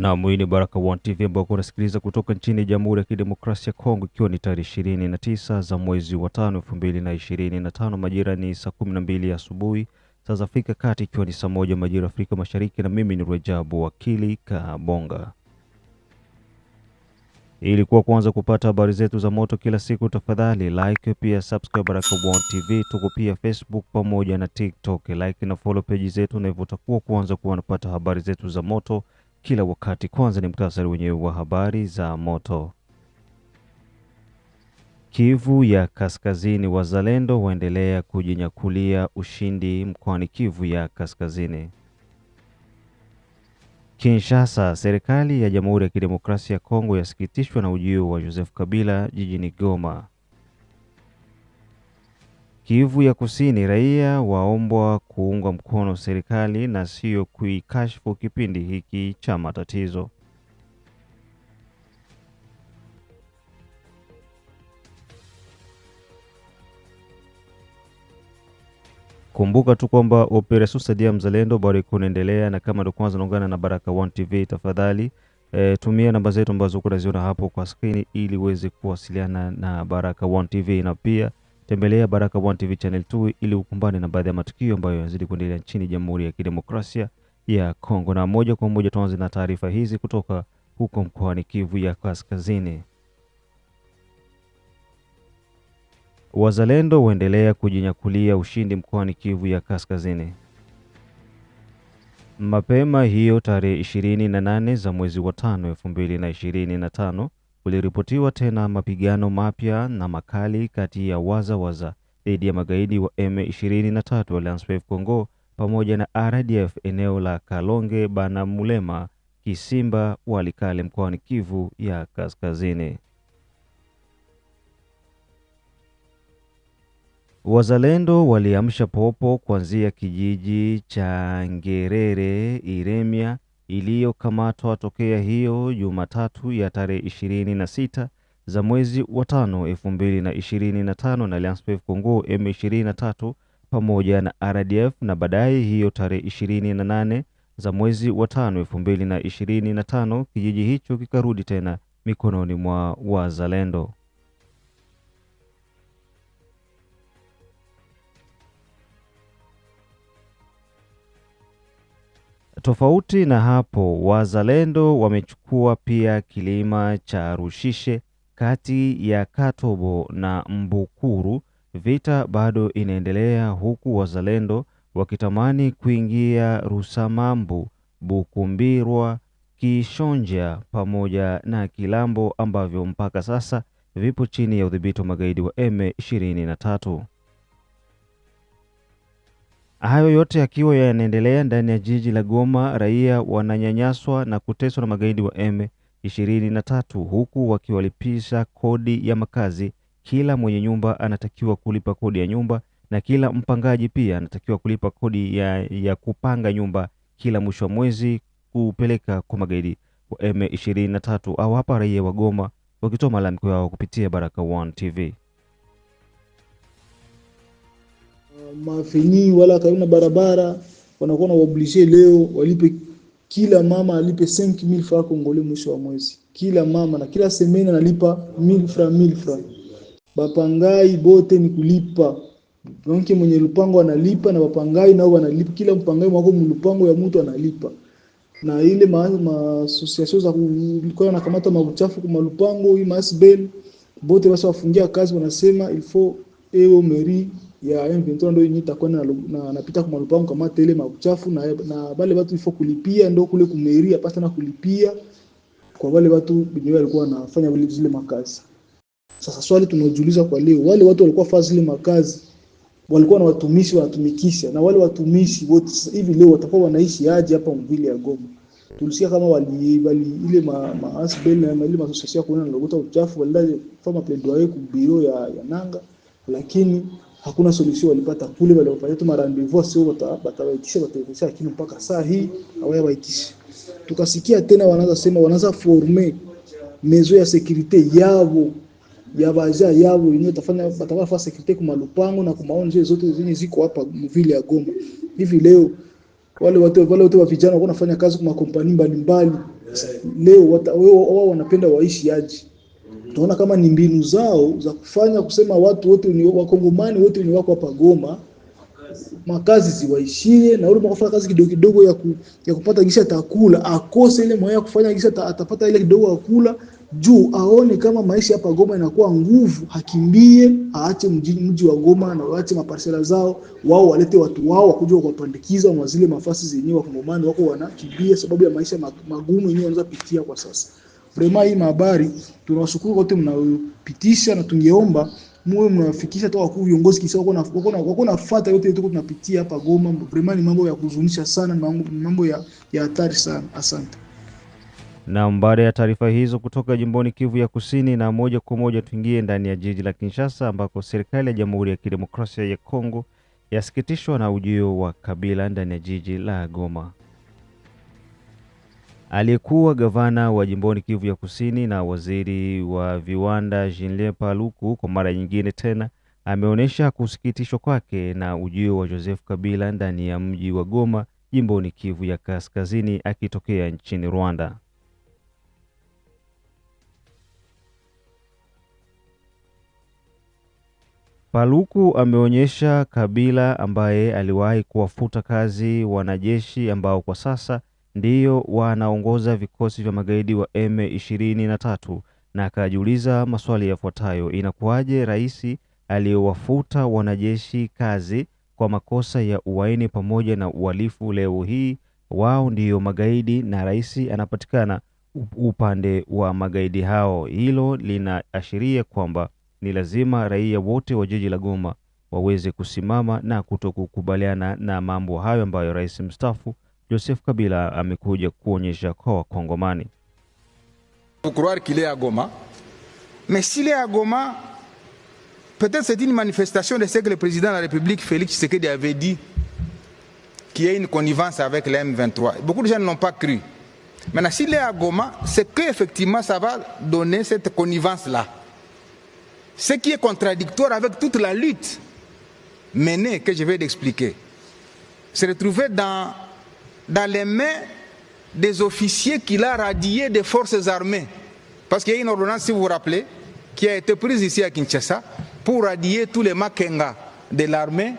Naam, hii ni Baraka1 TV ambao kunasikiliza kutoka nchini Jamhuri ya Kidemokrasia ya Kongo, ikiwa ni tarehe ishirini na tisa za mwezi wa tano elfu mbili na ishirini na tano majira ni saa kumi na mbili asubuhi saa za Afrika Kati, ikiwa ni saa moja majira Afrika Mashariki, na mimi ni Rajabu Wakili Kabonga. Ili kuwa kwanza kupata habari zetu za moto kila siku, tafadhali like pia subscribe Baraka1 TV. Tuko pia Facebook pamoja na TikTok. Like na follow page zetu, na hivyo utakuwa kwanza kuwa unapata habari zetu za moto kila wakati. Kwanza ni muhtasari wenyewe wa habari za moto. Kivu ya Kaskazini, wazalendo waendelea kujinyakulia ushindi mkoani Kivu ya Kaskazini. Kinshasa, serikali ya Jamhuri ya Kidemokrasia ya Kongo yasikitishwa na ujio wa Joseph Kabila jijini Goma. Kivu ya Kusini, raia waombwa kuunga mkono serikali na sio kuikashifu kipindi hiki cha matatizo. Kumbuka tu kwamba operation saidia mzalendo bado iko inaendelea, na kama ndio kwanza naungana na Baraka1 TV, tafadhali e, tumia namba zetu ambazo unaziona hapo kwa skrini ili uweze kuwasiliana na baraka One TV na pia Tembelea Baraka1 TV Channel 2 ili ukumbane na baadhi ya matukio ambayo yanazidi kuendelea nchini Jamhuri ya Kidemokrasia ya Kongo. Na moja kwa moja tuanze na taarifa hizi kutoka huko mkoani Kivu ya Kaskazini. Wazalendo waendelea kujinyakulia ushindi mkoani Kivu ya Kaskazini. Mapema hiyo tarehe 28 za mwezi wa 5 2025 kuliripotiwa tena mapigano mapya na makali kati ya wazawaza dhidi ya magaidi wa M23 Alliance Congo pamoja na RDF eneo la Kalonge Banamulema Kisimba Walikale mkoani Kivu ya Kaskazini. Wazalendo waliamsha popo kuanzia kijiji cha Ngerere Iremia iliyokamatwa tokea hiyo Jumatatu ya tarehe ishirini na sita za mwezi wa tano elfu mbili na ishirini na tano na Alliance Congo M23 pamoja na RDF na baadaye hiyo tarehe ishirini na nane za mwezi wa tano elfu mbili na ishirini na tano kijiji hicho kikarudi tena mikononi mwa wazalendo. Tofauti na hapo, wazalendo wamechukua pia kilima cha Rushishe kati ya Katobo na Mbukuru. Vita bado inaendelea huku wazalendo wakitamani kuingia Rusamambu, Bukumbirwa, Kishonja pamoja na Kilambo ambavyo mpaka sasa vipo chini ya udhibiti wa magaidi wa M 23 Hayo yote yakiwa yanaendelea ndani ya jiji la Goma, raia wananyanyaswa na kuteswa na magaidi wa M23 huku wakiwalipisha kodi ya makazi. Kila mwenye nyumba anatakiwa kulipa kodi ya nyumba na kila mpangaji pia anatakiwa kulipa kodi ya, ya kupanga nyumba kila mwisho wa mwezi kupeleka kwa magaidi wa M23 au hapa raia wa Goma wakitoa malalamiko yao kupitia Baraka One TV. mafini wala karibu na barabara, wanakuwa na oblige leo walipe kila mama alipe 5000 francs congolais mwisho wa mwezi, kila mama na kila semaine analipa 1000 francs 1000 francs. Bapangai bote ni kulipa donke, mwenye lupango analipa na bapangai nao wanalipa, kila mpangai mwako mlupango ya mtu analipa na ile ma, association za kulikuwa kamata mauchafu kwa malupango hii masbel bote basi wafungia kazi, wanasema ilfo eo meri ya M23 ndio yenyewe itakuwa na, na napita kwa malupango kama tele mauchafu na na wale watu ifo kulipia ndio kule kumeria pasta na kulipia kwa wale watu wenyewe walikuwa wanafanya vile zile makazi. Sasa swali tunaojiuliza kwa leo, wale watu walikuwa fanya zile makazi walikuwa na watumishi wanatumikisha, na wale watumishi wote hivi leo watakuwa wanaishi aje hapa mvili ya Goma? Tulisikia kama wali, wali ile ma, ma asbel na ile masosiasia kuona na logota uchafu walida fama pledoyer ku ya, ya nanga lakini hakuna solution walipata kule, wale wapata tu marandevu sio bata batawaitisha, batawaitisha lakini mpaka saa hii hawaya hawayawaitisha. Tukasikia tena wanaanza sema wanaanza forme mezo ya securite yabo ya baza yabo yenyewe tafanya fa securite kwa malupango na kwa maonje zote zenye ziko hapa mvile ya Goma. Hivi leo wale watu wale watu wa vijana wanafanya kazi kwa makampuni mbalimbali, leo wao wanapenda waishi aje? Tunaona kama ni mbinu zao za kufanya kusema watu wote ni wakongomani wote ni wako hapa Goma, makazi ziwaishie, na yule mkafanya kazi kidogo kidogo ya, ku, ya kupata gisha takula akose ile moyo ya kufanya gisha ta, atapata ile kidogo ya kula juu aone kama maisha hapa Goma inakuwa nguvu, hakimbie aache mji, mji wa Goma na waache maparsela zao, wao walete watu wao wakuja kuwapandikiza mwazile mafasi zenyewe wakongomani wako wanakimbia sababu ya maisha magumu yenyewe wanaweza pitia kwa sasa vraiment hii mahabari tunawashukuru wote mnayopitisha, na tungeomba muwe mnafikisha toka kwa viongozi kisa wako na wako nafuata yote yote tunapitia hapa Goma. vraiment ni mambo ya kuzunisha sana, mambo ya ya hatari sana. Asante. Na baada ya taarifa hizo kutoka jimboni Kivu ya Kusini, na moja kwa moja tuingie ndani ya jiji la Kinshasa ambako serikali ya Jamhuri ya Kidemokrasia ya Kongo yasikitishwa na ujio wa Kabila ndani ya jiji la Goma. Aliyekuwa gavana wa jimboni Kivu ya Kusini na waziri wa viwanda Julien Paluku kwa mara nyingine tena ameonyesha kusikitishwa kwake na ujio wa Joseph Kabila ndani ya mji wa Goma jimboni Kivu ya Kaskazini akitokea nchini Rwanda. Paluku ameonyesha Kabila ambaye aliwahi kuwafuta kazi wanajeshi ambao kwa sasa ndiyo wanaongoza vikosi vya magaidi wa M23 na akajiuliza maswali yafuatayo: inakuwaje rais aliyewafuta wanajeshi kazi kwa makosa ya uhaini pamoja na uhalifu leo hii wao ndiyo magaidi na rais anapatikana upande wa magaidi hao? Hilo linaashiria kwamba ni lazima raia wote wa jiji la Goma waweze kusimama na kutokukubaliana na mambo hayo ambayo rais mstaafu Joseph Kabila kwa croire qu'il est à Goma mais s'il est à Goma peut-être c'est une manifestation de ce que le président de la République Félix Tshisekedi avait dit qui y a une connivence avec lm M23 beaucoup de gens n'ont pas cru maintenant s'il est à Goma c'est que effectivement ça va donner cette connivence là ce qui est contradictoire avec toute la lutte menée que je vais d'expliquer se retrouver dans dans les mains des officiers qu'il a radiés des forces armées. Parce qu'il y a une ordonnance, si vous vous rappelez, qui a été prise ici à Kinshasa pour radier tous les Makenga de l'armée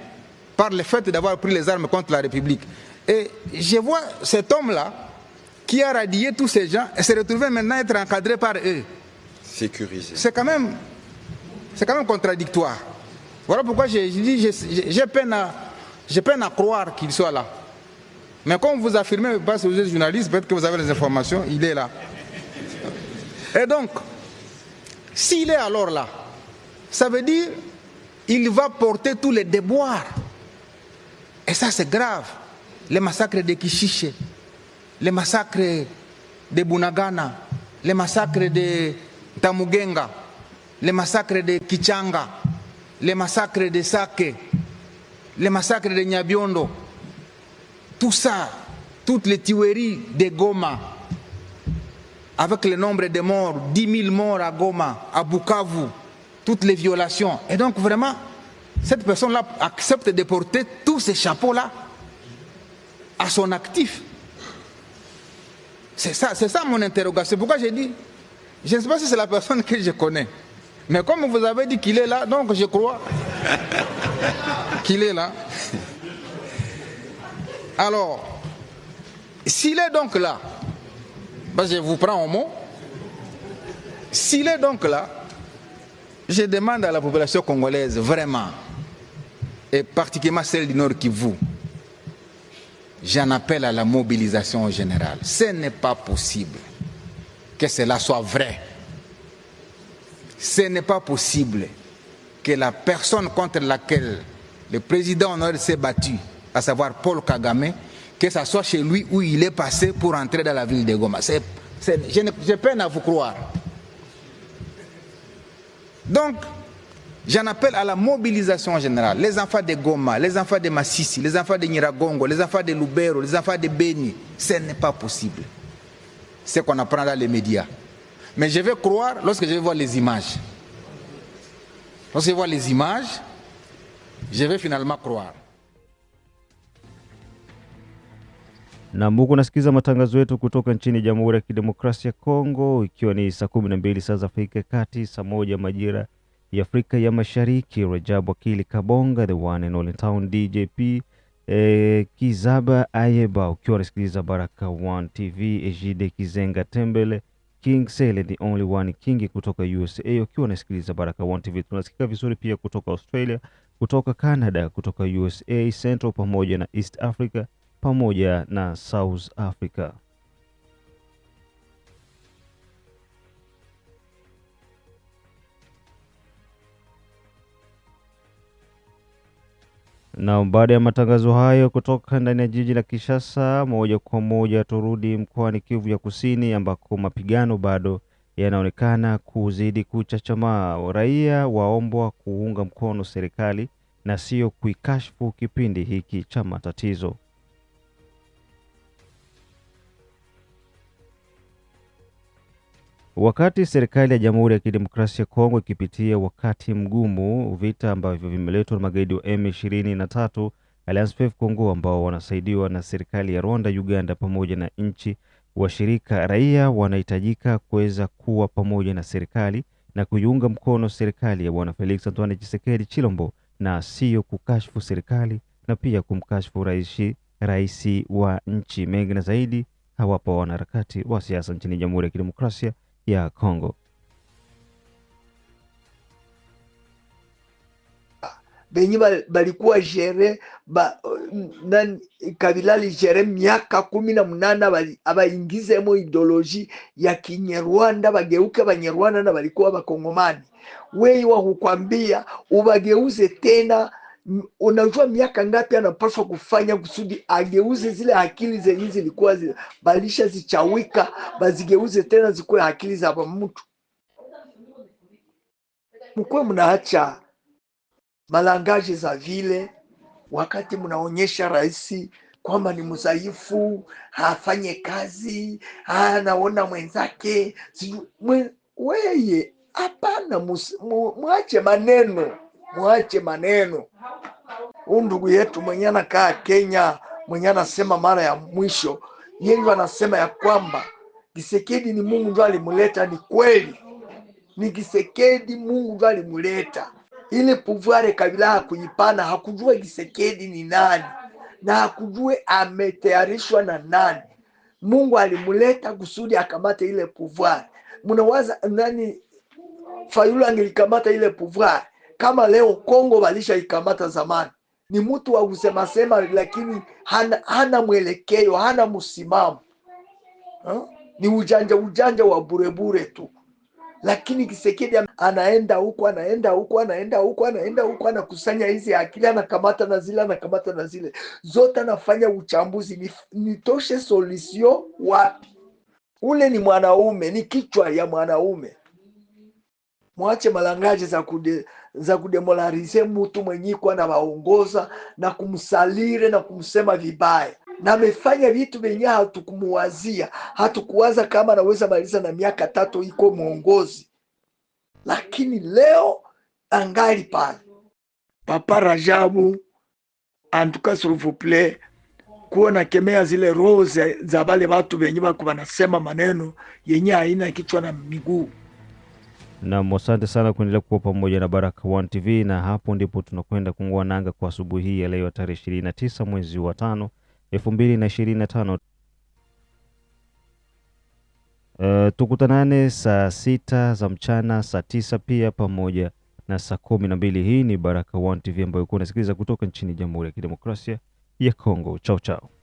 par le fait d'avoir pris les armes contre la République. Et je vois cet homme-là qui a radié tous ces gens et s'est retrouvé maintenant être encadré par eux. Sécurisé. C'est quand même, c'est quand même contradictoire. Voilà pourquoi j'ai je, dis j'ai peine à, peine à croire qu'il soit là. Mais quand vous affirmez, parce que vous êtes journaliste, peut-être que vous avez les informations, il est là. Et donc, s'il est alors là, ça veut dire qu'il va porter tous les déboires. Et ça, c'est grave. Les massacres de Kishiche, les massacres de Bunagana, les massacres de Tamugenga, les massacres de Kichanga, les massacres de Sake, les massacres de Nyabiondo tout ça, toutes les tueries de Goma, avec le nombre de morts, 10 000 morts à Goma, à Bukavu, toutes les violations. Et donc vraiment, cette personne-là accepte de porter tous ces chapeaux-là à son actif. C'est ça, c'est ça mon interrogation. Pourquoi j'ai dit Je ne sais pas si c'est la personne que je connais. Mais comme vous avez dit qu'il est là, donc je crois qu'il est là. Alors, s'il est donc là, je vous prends au mot, s'il est donc là, je demande à la population congolaise vraiment, et particulièrement celle du Nord Kivu, j'en appelle à la mobilisation générale. Ce n'est pas possible que cela soit vrai. Ce n'est pas possible que la personne contre laquelle le président Nord s'est battu à savoir Paul Kagame, que ce soit chez lui où il est passé pour entrer dans la ville de Goma. J'ai peine à vous croire. Donc, J'en appelle à la mobilisation générale. Les enfants de Goma, les enfants de Massissi, les enfants de Niragongo, les enfants de Lubero, les enfants de Beni, ce n'est pas possible. C'est qu'on apprend dans les médias. Mais je vais croire lorsque je vais voir les images. Lorsque je vais voir les images, je vais finalement croire. na muku nasikiliza matangazo yetu kutoka nchini Jamhuri ya Kidemokrasia ya Kongo, ikiwa ni saa kumi na mbili saa za Afrika ya Kati, saa moja majira ya Afrika ya Mashariki. Rajabu Akili Kabonga, the one and only town DJP eh, Kizaba Ayeba, ukiwa nasikiliza Baraka One TV, Ejide Kizenga Tembele, King Sele, the only one Kingi kutoka USA, ukiwa nasikiliza Baraka One TV. Tunasikika vizuri pia kutoka Australia, kutoka Canada, kutoka USA Central pamoja na East Africa pamoja na South Africa. Na baada ya matangazo hayo kutoka ndani ya jiji la Kinshasa, moja kwa moja turudi mkoani Kivu ya Kusini ambako mapigano bado yanaonekana kuzidi kuchachamaa. Raia waombwa kuunga mkono serikali na sio kuikashfu kipindi hiki cha matatizo. Wakati serikali ya Jamhuri ya Kidemokrasia ya Kongo ikipitia wakati mgumu, vita ambavyo vimeletwa na magaidi wa M23 Alliance Fleuve Congo ambao wanasaidiwa na serikali ya Rwanda, Uganda pamoja na nchi washirika, raia wanahitajika kuweza kuwa pamoja na serikali na kuiunga mkono serikali ya Bwana Felix Antoine Tshisekedi Chilombo na sio kukashifu serikali na pia kumkashifu raisi raisi wa nchi mengi na zaidi hawapa wanaharakati wa siasa nchini Jamhuri ya Kidemokrasia ya Kongo. benyi balikuwa jere ba, nani Kabila lijere miaka kumi na munana abaingizemo ideoloji ya Kinyarwanda bageuke Banyarwanda na balikuwa Bakongomani. Weyi wakukwambia ubageuze tena unajua miaka ngapi anapaswa kufanya kusudi ageuze zile akili zenye zilikuwa balisha zichawika, bazigeuze tena zikuwe akili za mtu. Mkuwe mnaacha malangaje za vile, wakati mnaonyesha rais kwamba ni mzaifu, hafanye kazi, anaona mwenzake siju, weye hapana, mwache maneno mwache maneno. Huu ndugu yetu mwenye anakaa Kenya, mwenye anasema mara ya mwisho, yeye anasema ya kwamba Kisekedi ni Mungu ndo alimuleta. Ni kweli, ni Kisekedi Mungu ndo alimuleta ile pouvoir. Kabila hakuipana, hakujua Kisekedi ni nani na hakujue ametayarishwa na nani. Mungu alimuleta kusudi akamate ile pouvoir. Mnawaza nani Fayulu angelikamata ile pouvoir kama leo Kongo walishaikamata zamani. Ni mtu wa sema, lakini hana, hana mwelekeo hana msimamo ha? Ni ujanja ujanja wa burebure tu, lakini Kisekedi anaenda huko anaenda huko anaenda huko anaenda huko, anakusanya hizi akili, anakamata na zile anakamata na zile zote, anafanya uchambuzi, nitoshe solution wapi? Ule ni mwanaume, ni kichwa ya mwanaume mwache malangaji za kude, za kudemolarize mutu mwenye kwa na waongoza na kumsalire na kumsema vibaya na amefanya vitu vyenye hatukumuwazia, hatukuwaza kama anaweza maliza na miaka tatu iko mwongozi, lakini leo angali pale. Papa Rajabu antuka surufuple kuwa na kemea zile roho za bale watu venye wako wanasema maneno yenye haina kichwa na miguu. Nam, asante sana kuendelea kuwa pamoja na baraka One TV, na hapo ndipo tunakwenda kung'oa nanga kwa asubuhi hii ya leo ya tarehe ishirini na tisa mwezi wa tano elfu mbili na ishirini na tano. Uh, eh, tukutanane saa sita za mchana, saa tisa pia pamoja na saa kumi na mbili. Hii ni baraka One TV ambayo uko unasikiliza kutoka nchini Jamhuri ya Kidemokrasia ya Kongo. Chao chao.